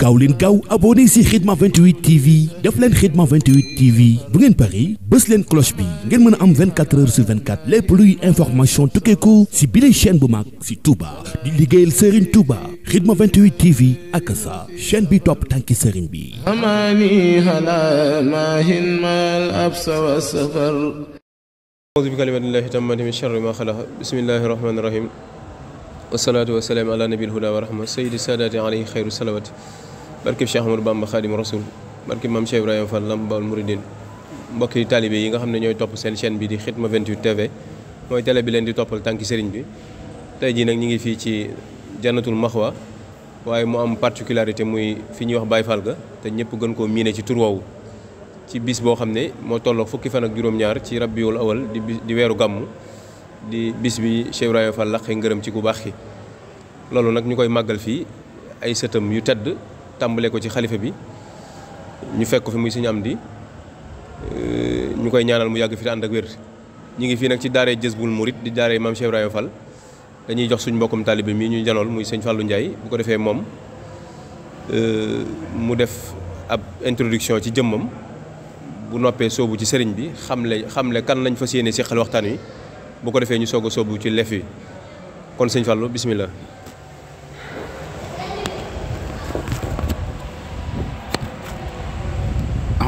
gaaw leen gaaw abonné si Khidma 28 TV def leen Khidma 28 TV bu ngeen pari bës leen cloche bi ngeen mën a am 24 heures sur 24 lépp luy information tukkeeku si bile chaîne bu mag si Touba di liggéeyal Serigne Touba Khidma 28 TV ak sa chaîne bi topp tànki serin bi. auzu bi kalimatillahi tammati min sharri ma xalaqa wa rahma sayidi saadaati alayhi xayru barkib Cheikh Amadou Bamba Khadim Rasoul barkib Mame Cheikh Ibrahima Fall Lamp Baol Mouridine mbokki taalibe yi nga xam ne ñooy topp seen chaîne bi di Khidma 28 teve mooy télé bi leen di toppal tànki sëriñ bi tey jii nag ñu ngi fii ci jannatul maxwa waaye mu am particularité muy fi ñuy wax bay Fall ga te ñëpp gën koo miine ci tur woowu ci bis boo xam ne moo tolloo fukki fan ak juróom-ñaar ci rabiul awal di di weeru gàmmu di bis bi Cheikh Ibrahima Fall laqee ngërëm ci ku baax ki loolu nag ñu koy màggal fii ay sëtam yu tedd tàmbale ko ci xalifa bi ñu fekk ko fi muy sëñ di euh, ñu koy ñaanal mu yàgg fi te ànd ak wér ñu ngi fii nag ci daaree Jazbul murit di daaree Maam Cheikh Ibrahima dañuy jox suñ mbokkum taalibe mii ñuy janool muy sëñ Fallou Ndiaye bu ko defee moom euh, mu def ab introduction ci jëmmam bu noppee soobu ci sëriñ bi xamle xamle kan lañ fa yéene seqal waxtaan wi bu ko defee ñu soog a soobu ci lef wi kon sëñ Fallou bismillah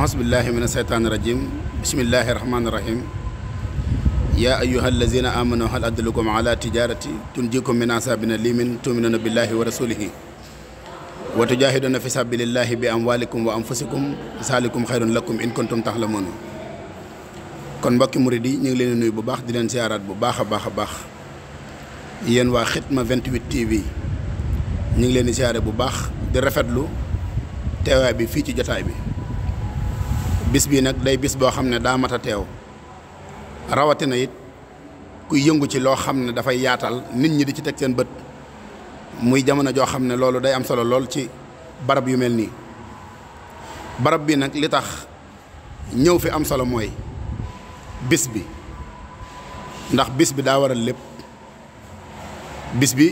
axasbillahi min asheytaani rajim bismillahi rahmaani rahim yaa ayyuha allazina amanu hal adlukum ala tijarati tunjikum min asabina limin tuminuna billahi wa rasulihi wa tujahiduna fi sabilillahi bi amwalikum wa anfusikum zalikum xayrun lakum in kuntum taxlamuun kon mbokki murid ñu ngi leen di nuyu bu baax di leen siyaaraat bu baax a baax a baax yéen waa Xitma 28 TV ñu ngi leen di siyaare bu baax di rafetlu teewaay bi fii ci jotaay bi bis bii nag day bis boo xam ne daa mat a teew rawatina it ku yëngu ci loo xam ne dafay yaatal nit ñi di ci teg seen bët muy jamono joo xam ne loolu day am solo lool ci barab yu mel nii barab bi nag li tax ñëw fi am solo mooy bis bi ndax bis bi daa waral lépp bis bi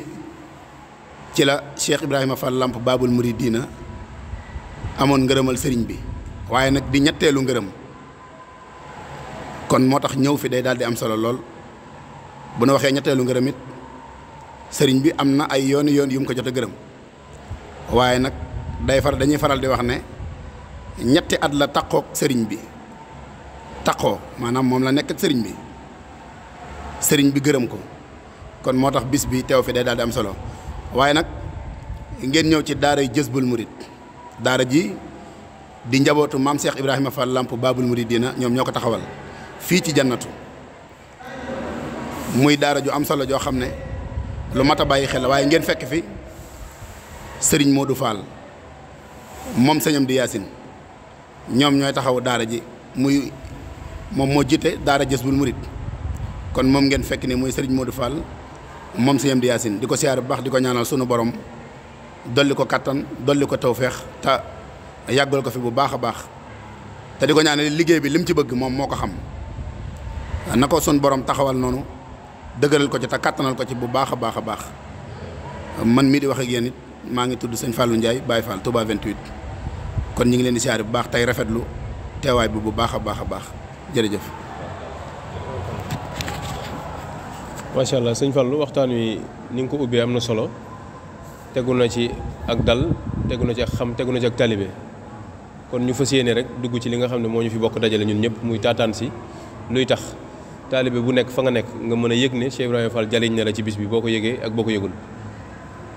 ci la Cheikh Ibrahima fa Lamp Baabul Muridiina amoon ngërëmal sëriñ bi waaye nag bi ñetteelu ngërëm kon moo tax ñëw fi day daal di am solo lool bu nu waxee ñetteelu ngërëmit sëriñ bi am na ay yooni yoon yum ko jot a gërëm waaye nag day far dañuy faral di wax ne ñetti at la taqoog sëriñ bi taqoo maanaam moom la nekk ak sëriñ bi sëriñ bi gërëm ko kon moo tax bis bi teew fi day daal am solo waaye nag ngeen ñëw ci daara Jazbul Murid daara ji di njabootu maam Cheikh Ibrahima Fall Lamp Babul Mouridina ñoom ñoo ko taxawal fii ci jannatu muy daara ju am solo joo xam ne lu mat a bàyyi xel waaye ngeen fekk fi sëriñ Modou Fall moom sëñam di Yaasin ñoom ñooy taxaw daara ji muy moom moo jiite daara Jazbul Murid kon moom ngeen fekk ni muy sëriñ Modou Fall moom sëñam di Yaasin di ko siyaar bu baax di ko ñaanal sunu borom dolli ko kàttan dolli ko tawféex ta yàggal ko fi bu baax a baax te di ko ñaanal liggéey bi lim ci bëgg moom moo ko xam na ko sun boroom taxawal noonu dëgëral ko ci te kattanal ko ci bu baax a baax a baax man mii di wax génn it maa ngi tudd fàllu Fallou Ndiaye Baye Fall Touba 28 kon ñu ngi leen di siyaare bu baax tey rafetlu teewaay bi bu baax a baax a baax jërëjëf. macha allah sëñ Fallou waxtaan wi ni nga ko am na solo tegu ci ak dal tegu na ci xam tegu na ci kon ñu fas yéene rek dugg ci li nga xam ne moo ñu fi bokk dajale ñun ñëpp muy taataan si luy tax taalibe bu nekk fa nga nekk nga mën a yëg ne Cheikh Ibrahima Fall jariñ na la ci bis bi boo ko yëgee ak boo ko yëgul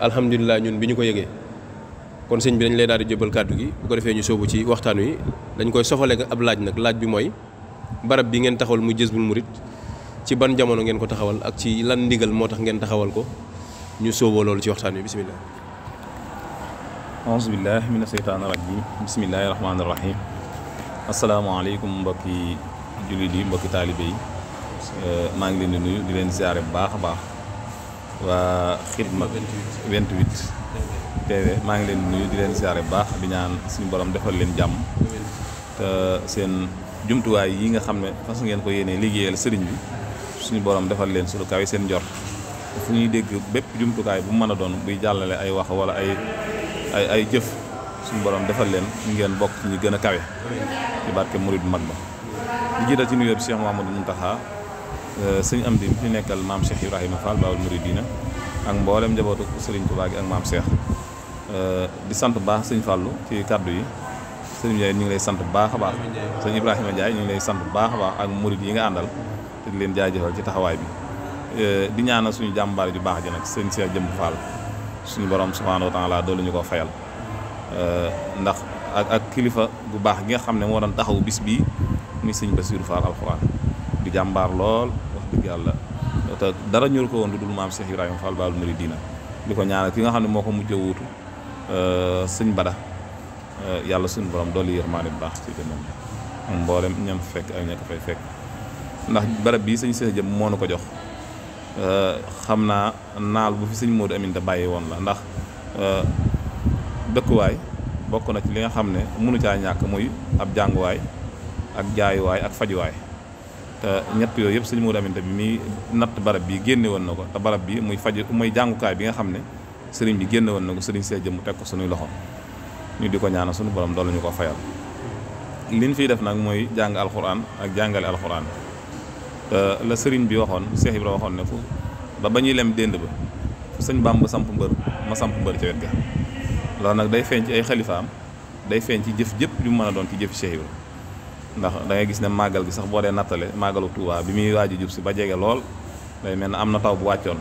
alhamdulilah ñun bi ñu ko yëgee kon sëñ bi dañ lay daal di jëbal kàddu gi bu ko defee ñu soobu ci waxtaan wi dañ koy sofale ak ab laaj nag laaj bi mooy barab bi ngeen taxawal mu jës Jazboul Mouride ci ban jamono ngeen ko taxawal ak ci lan ndigal moo tax ngeen taxawal ko ñu sooboo loolu ci waxtaan wi bisimilah. ahousubillah mina seytaan rajim bisimillahi rahmaani rahim asalaamaaleykum mbokki jullit yi mbokki taalibe yi eh, maa ngi leen di nuyu di leen ziare bu baax a baax waa xidma 28 maa ngi leen di nuyu di leen ziare bu baax bi ñaan suñ borom defal leen jàmm te seen jumtuwaay yi nga xam ne fas ngeen ko yéenee liggéeyal sëriñ bi suñu borom defal leen sulu yi seen njor fu ñuy dégg bépp jumtukaay bu mën a doon buy jàllale ay wax wala ay ay ay jëf suñu borom defal leen ngeen bokk ci ñi gën a kawe ci barke murid bu mag ba di jiital ci nuyoo bi Cheikh Mouhamadou Mountakha euh, sëñ am di fi nekkal maam Cheikh Ibrahima Fall Baawul Muridina ak mboolem njabootu Serigne Touba gi ak maam Cheikh euh, di sant baax sëñ Fallou ci kàddu yi sëñ Ndiaye ñu ngi lay sant bu baax a baax sëñ Ibrahima Ndiaye ñu ngi lay sant bu baax a baax ak murid yi nga àndal te di leen jaajëfal ci taxawaay bi euh, di ñaana suñu jàmbaar ju baax ji nag sëñ Cheikh Jëmb Fall suñu borom subhaanahu wa taala doolu ñu ko fayal euh, ndax ak ak kilifa bu baax gi nga xam ne moo doon taxaw bis bii muy sëñ Basiiru Faal alxuraan di jàmbaar lool wax dëgg yàlla te dara ñor ko woon lu dul maam Cheikh Ibrahima Fall Baabul Muriidiina di ko ñaanal ki nga xam ne moo ko mujj wuutu euh, sëñ Bada euh, yàlla suñu borom doolu yërmaane bu baax ci dënnam am mboolem ñam fekk ak ña fay fekk ndax barab bii sëñ Cheikh jëm moo nu ko jox Euh, xam naa naal bu fi sëñ Modou Aminta bàyyi woon la ndax euh, dëkkuwaay bokk na ci li nga xam ne mënu caa ñàkk muy ab jànguwaay ak jaayuwaay ak fajuwaay te ñett yooyu yëpp sëñ Modou Aminta bi muy natt barab bi génne woon na ko te barab bi muy faju muy jàngukaay bi nga xam ne sëriñ bi génne na ko sëriñ see jëmm teg ko suñuy loxo ñu di ko ñaanal suñu borom doole lañu ko fayal liñ fi def nag mooy jàng alxuraan ak jàngale alxuraan Euh, la sëriñ bi waxoon Cheikh Ibra waxoon ne fu ba ba ñuy lem dénd ba fu sëñ Bàmba samp mbër ma samp mbër ca wet ga loolu nag day feeñ ci ay xalifaam day feeñ ci jëf jëpp yu mu mën a doon ci jëf Cheikh Ibra ndax da gis ne màggal gi sax boo dee nattale màggalu Tuubaa bi muy waaj a jub si ba jege lool day mel ne am na taw bu wàccoon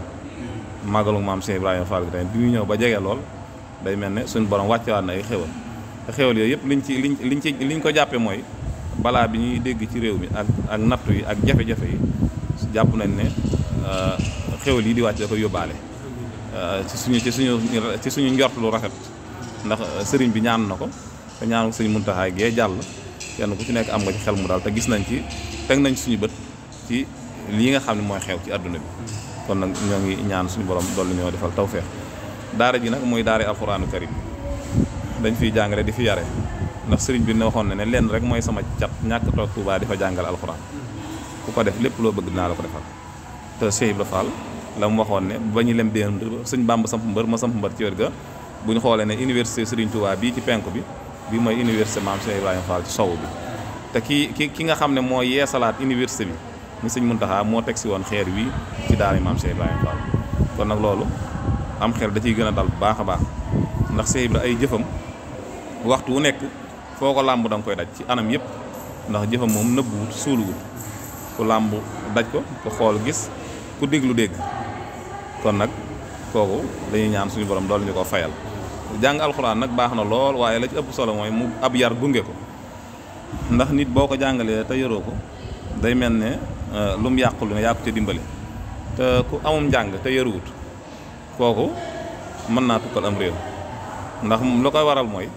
màggalu maam Cheikh Ibrahima Fall gi tamit bi muy ñëw ba jege lool day mel ne suñu borom wàccewaat na ay xéwal te xéwal yooyu yëpp liñ ci liñ liñ ci liñ ko jàppee mooy balaa bi ñuy dégg ci réew mi ak ak nattu yi ak jafe-jafe yi jàpp nañ ne euh, xew lii di wàccee ko koy yóbbaale euh, ci suñu ci suñu ci suñu njort lu rafet ndax euh, sëriñ bi ñaan na ko te ñaanu mun Muntaxa gee jàll kenn ku ci nekk am nga ci xel mu daal te gis nañ ci teg nañ suñu bët ci lii nga xam ne mooy xew ci àdduna bi kon nag ñoo ngi ñaan suñu borom dolli ñoo defal tawfeex daara ji nag mooy daara alxuraanu karim dañ fiy jàngale di fi yare ndax sëriñ bi ne waxoon na ne lenn rek mooy sama cat ñàkk toog Touba di fa jàngal alxuraan ku ko def lépp loo bëgg dinaa la ko defal te Cheikh Ibra Fall la mu waxoon ne ba ñu lem déen sëñ Bàmba samp mbër ma samp mbër ci wér ga bu ñu xoolee ne université Serigne Touba bii ci penku bi bi mooy université Maam Cheikh Ibrahima Fall ci sow bi te ki ki ki nga xam ne moo yeesalaat université bi mu sëñ Muntaxa moo teg si woon xeer wi ci daara Maam Cheikh Ibrahima Fall kon nag loolu am xel da ciy gën a dal bu baax a baax ndax Cheikh Ibra ay jëfam waxtu wu nekk foo ko làmb da koy daj ci anam yëpp ndax jëfam moom nëbbuwut suuluwut ku làmb daj ko ku xool gis ku déglu dégg kon nag kooku dañuy ñaan suñu borom dool ñu ko fayal jàng alxuraan nag baax na lool waaye la ci ëpp solo mooy mu ab yar gunge ko ndax nit boo ko jàngalee te yoroo ko day mel ne euh, lu mu yàqu lu ne yàqu ca dimbali te ku amum njàng te yoruwut kooku mën naa tukkal am réew ndax lu ko waral mooy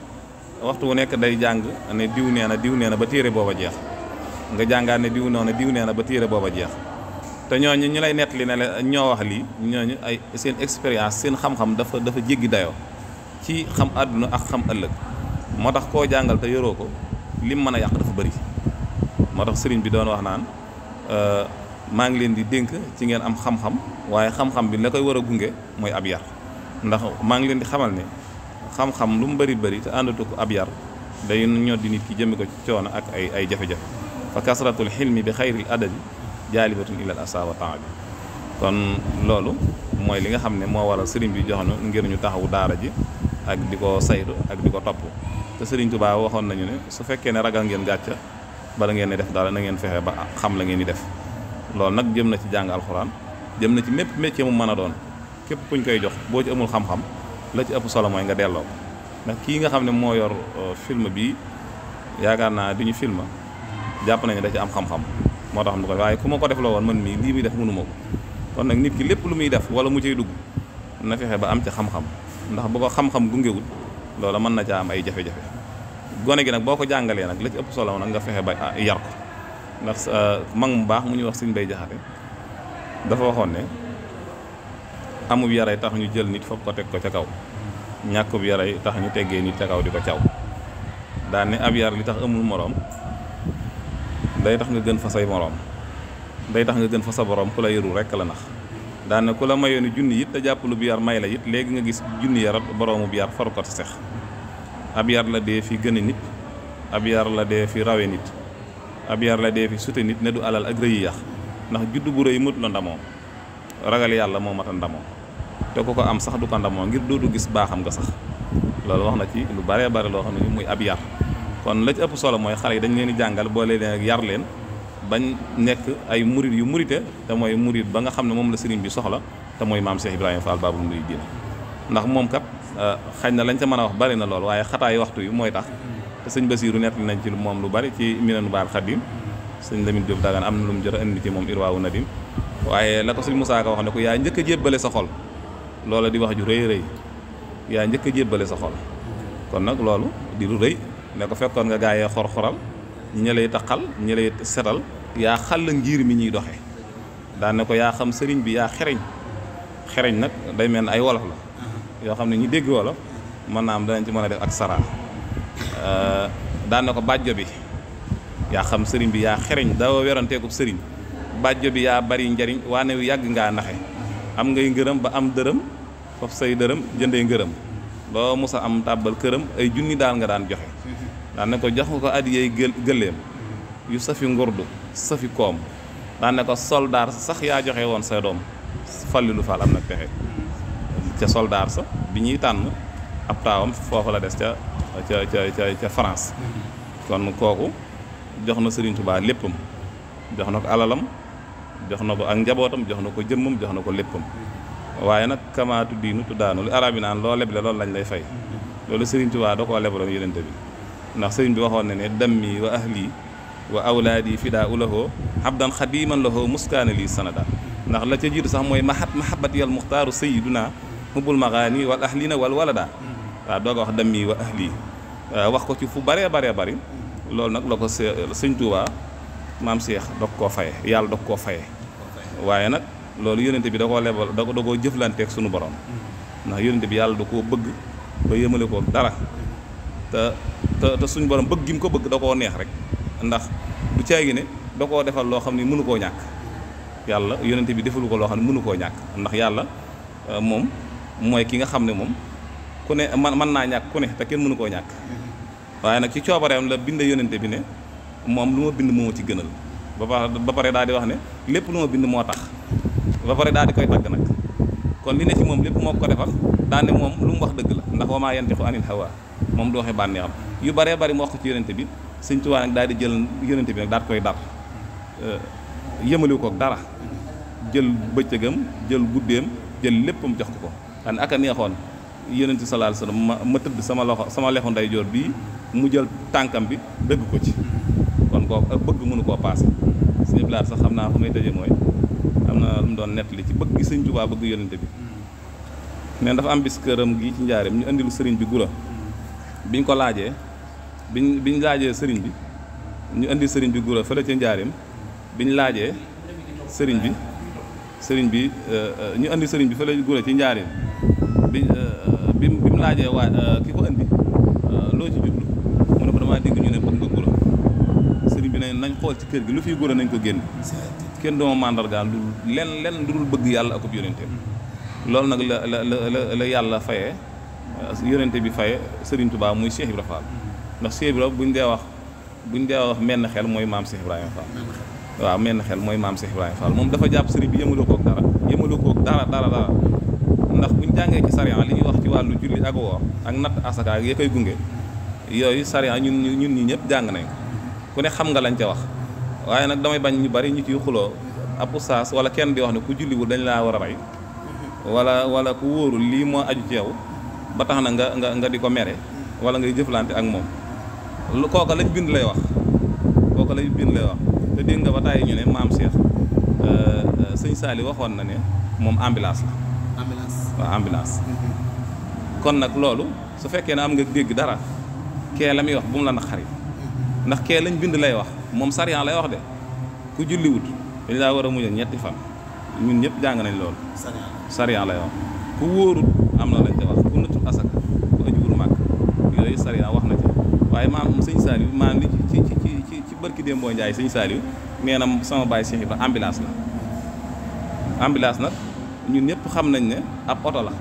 waxtu wu nekk day jàng ne diw nee na diw nee na ba téere booba jeex nga jàngaat ne diw noonu diw nee na ba téere booba jeex te ñooñu ñu lay nettali ne la ñoo wax lii ñooñu ay seen expérience seen xam-xam dafa dafa jéggi dayoo ci xam àdduna ak xam ëllëg moo tax koo jàngal te yoroo ko lim mën a yàq dafa bëri moo tax sëriñ bi doon wax naan euh, maa ngi leen di dénk ci ngeen am xam-xam waaye xam-xam bi la koy war a gunge mooy ab yar ndax maa ngi leen di xamal ne xam-xam lu mu bëri bëri te àndatu ko ab yar day di nit ki jëme ko ci coono ak ay ay jafe-jafe fa kasratul xilmi bi xayril adabi jaalibatun ilal asa wa temps bi kon loolu mooy li nga xam ne moo waral sëriñ bi joxoon ngir ñu taxawu daara ji ak di ko saytu ak di ko topp te sëriñ Tuubaa waxoon nañu ne su fekkee ne ragal ngeen gàcca bala ngeen di def dara na ngeen fexe ba xam la ngeen di def loolu nag jëm na ci jàng alxuraan jëm na ci mépp métier mu mën a doon képp kuñ koy jox boo ci amul xam la ci ëpp solo mooy nga delloo ko ndax kii nga xam ne moo yor euh, film bi yaakaar naa bi ñu film jàpp nañu da ci am xam-xam moo tax mu ko waaye ku ma ko def woon man mii lii muy def mënuma ko kon nag nit ki lépp lu muy def wala mu cay dugg na fexe ba am ci xam-xam ndax boo ko xam-xam gungewul loola mën na caa am ay jafe-jafe gone gi nag boo ko jàngalee nag la ci ëpp solo nag nga fexe ba ah, yar ko ndax euh, man mu baax mu ñuy wax Sëñ Bay Jaxate dafa waxoon ne amub yaray tax ñu jël nit foog ko teg ko ca kaw ñàkkub yaray tax ñu teggee nit ca kaw di ko caw daan ne ab yar li tax amul moroom day tax nga gën fa say moroom day tax nga gën fa sa borom ku la yëru rekk la nax daan ne ku la mayoon junni it te jàppalu bi yar may la yit léegi nga gis junni yarat boroomu bi yar faru ko sex ab yar la dee fi gën nit ab yar la dee fi rawe nit ab yar la dee fi sute nit ne du alal ak rëyi yax ndax juddu bu rëy mut la ndamoo ragal yàlla moo mat te ku ko am sax du ko ndamoo ngir dootu gis baaxam nga sax loolu wax na ci lu bare bare loo xam ne muy ab yar kon la ci ëpp solo mooy xale yi dañ leen di jàngal boo leen ak yar leen bañ nekk ay murit yu murite te mooy murit ba nga xam ne moom la sëriñ bi soxla te mooy maam Cheikh Ibrahima Fall Baabul ndax moom kat euh, xañ na lañ ca man a wax bari na lool waaye xataay waxtu yi mooy tax te sëñ Basiiru nett nañ ci moom lu bari ci Minanu Baal Xadim sëñ Lamine Diop Dagana am na lu mu jot a indi ci moom Irwaawu Nadim waaye la ko sëñ Moussa Ka wax ne ko yaa njëkk a jébbale sa xol loola di wax ju rëy rëy yaa njëkk a jébbale sa xol kon nag loolu di lu rëy ne ko fekkoon nga gaayee xor-xoral ñi ña lay taqal ñi setal yaa xal ngir mi ñuy doxe daan ne ko yaa xam sëriñ bi yaa xereñ xereñ nag day mel ne ay wolof la yoo xam ne ñi dégg wolof mën naa am danañ ci mën a def ak saraan daan ne ko bàjjo bi yaa xam sëriñ bi yaa xereñ dawa weranteeku sëriñ bàjjo bi yaa bari njariñ waane yàgg ngaa naxe am ngay ngërëm ba am dërëm foofu say dërëm jëndee ngërëm loo musa am tàbbal këram ay junni daal nga daan joxe daan ko jox nga ko adiyey gëléem yu safi ngurdu safi koom daan ko soldaar sax yaa joxe woon sa doom fàllilu faal am na pexe ca soldaar sa bi ñuy tànn ab taawam foofu la des ca ca ca ca France mm-hmm. kon kooku jox na Sëriñ Tuubaa léppam jox na ko alalam jox na ko ak njabootam jox na ko jëmmam jox na ko léppam waaye nag kamaatu diinu tuddaanu li arab yi naan loo leble loolu lañ lay fay loolu sëriñ Tuubaa da koo lebaloon yonent bi ndax sëriñ bi waxoon ne ne dammi wa ahli wa awlaadi fidaa u lahoo abdan xadiman lahoo muskaana lii sanada ndax la ca jiitu sax mooy mahat mahabat yal muxtaaru sayiduna hubbul maxaani wal na wal walada waaw doo ko wax dammi wa ahli wax ko ci fu baree baree bari nag la ko sëriñ Tuubaa maam Cheikh dog koo faye yàlla dog koo faye waaye nag loolu yónnente bi da koo lebal da ko da koo jëflanteeg sunu borom ndax yónnente bi yàlla da koo bëgg ba yëmale ko dara te te suñu borom bëgg gi mu ko bëgg da koo neex rek ndax du caay gi ne da koo defal loo xam ne mënu koo ñàkk yàlla yónnente bi defalu ko loo xam ne mënu koo ñàkk ndax yàlla euh, moom mooy ki nga xam ne moom ku ne man mën naa ñàkk ku ne te kenn mënu koo ñàkk waaye nag ci coobareem la bind yónnente bi ne moom lu ma bind moo ci gënal ba ba ba pare daal di wax ne lépp lu ma bind moo tax ba pare daal di koy tagg nag kon li ne ci moom lépp moo ko defal daa ne moom lu mu wax dëgg la ndax wa maa yantiqu anil hawa moom du waxee bànneexam yu baree bari mu wax ko ci yonente bi sëñ Tuubaa nag daal di jël yonente bi nag daal di koy dar euh, yëmaliwu koog dara jël bëccëgam jël guddeem jël léppam jox ko ko an ak a neexoon laal salaal salaam ma ma tëdd sama loxo sama lexu ndeyjoor bii mu jël tànkam bi dëgg ko ci koo ak bëgg mënu koo paase suñu blaat sax xam naa fu may tëjee mooy am na lu mu doon nettali ci bëgg sëñ Tuubaa bëgg yonente bi mm. neen dafa am bis këram gi ci njaareem ñu indilu sëriñ bi gura mm. biñ ko laajee biñ biñ laajee sëriñ bi ñu indi sëriñ bi gura fële ca njaareem biñ laajee sëriñ bi sëriñ bi euh, euh, ñu indi sëriñ bi fële gura ci njaareem bi bi mu laajee waa euh, ki ko indi loo ci jublu mu ne damaa dégg ñu ne bëgg nga ne nañ xool ci kër gi lu fiy góor nañ ko génn kenn dooma mandargaal lu len lenn lu dul bëgg yàlla akub yónenteem loolu nag la la la la yàlla faye yónente bi faye Sëriñ Tuubaa muy Cheikh Ibra Fall ndax Cheikh Ibra buñ dee wax buñ dee wax menn xel mooy maam Cheikh Ibrahima Fall waaw menn xel mooy maam Cheikh Ibrahima Fall moom dafa jàpp sëriñ bi yëmaloo koog dara yëmaloo koog dara dara dara ndax buñ jàngee ci sariya li ñuy wax ci wàllu julli ak woor ak natt asaka ak koy gunge yooyu sariya ñun ñun ñi ñëpp jàng nañ ku ne xam nga lañ ca wax waaye nag damay bañ ñu bari ñu ciy xuloo ab ustaas wala kenn di wax ne ku julliwul dañ laa war a rey walla wala ku wóorul lii moo aju ci yow ba tax na nga nga di ko mere wala ngay jëflante ak moom lu kooka lañ bind lay wax kooka lañ bind lay wax te dégg nga ba tàyyi ñu ne maam Cheikh euh, euh, sëñ Saali waxoon na ne moom ambulance la. ambulance waaw mm-hmm. kon nag loolu su fekkee ne am nga dégg dara kee la muy wax bu mu la naqari. ndax kee lañ bind lay wax moom sariyan lay wax de ku julliwut dañ daa war a muñal ñetti fan ñun ñëpp jàng nañ loolu sariyan lay wax ku wóorut am na lañ te wax ku nattul asaka ku ajuwul màkk yooyu sariyan wax na ci waaye maam sëñ Saliou maam li ci ci ci ci barki Dembo Ndiaye sëñ Saliou nee na sama baay Cheikh Ibra ambulance la ambulance nag ñun ñëpp xam nañ ne ab oto la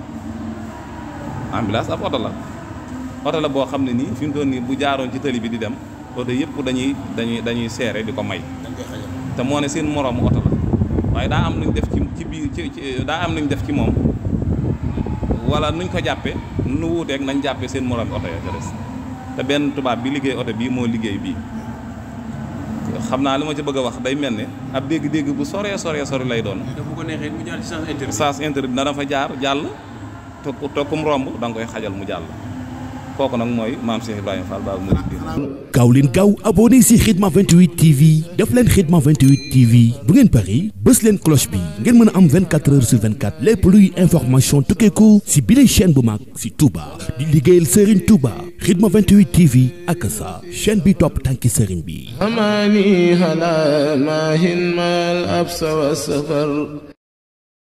ambulance ab oto la oto la boo xam ne nii fi mu doon nii bu jaaroon ci tëli bi di dem oto yëpp dañuy dañuy dañuy seere di ko may te moo ne seen moroomu oto la waaye daa am nuñ def ci biir ci daa am nuñ def ci moom wala nuñ ko jàppe nu wuuteek nañ jàppe seen moroomi oto ya des te benn tubaab bi liggéey oto bii moo liggéey bii xam naa li ma ci bëgg a wax day mel ne ab dégg-dégg bu soree soree sore lay doon. te bu ko neexee mu jaar ci sens interdit. sens interdit dana fa jaar jàll te ku toog kum romb da koy xajal mu jàll. kooku nag mooy maam Cheikh Ibrahima Fall Baabul Muridiin gaaw leen gaaw abonné si Khidma 28 TV def leen Khidma 28 TV bu ngeen pari bës leen cloche bi ngeen mën a am 24 heures sur luy information tukkeeku si bile chaîne bu mag si Touba di liggéeyal Serigne Touba Khidma 28 TV ak bi topp tànki Serigne bi.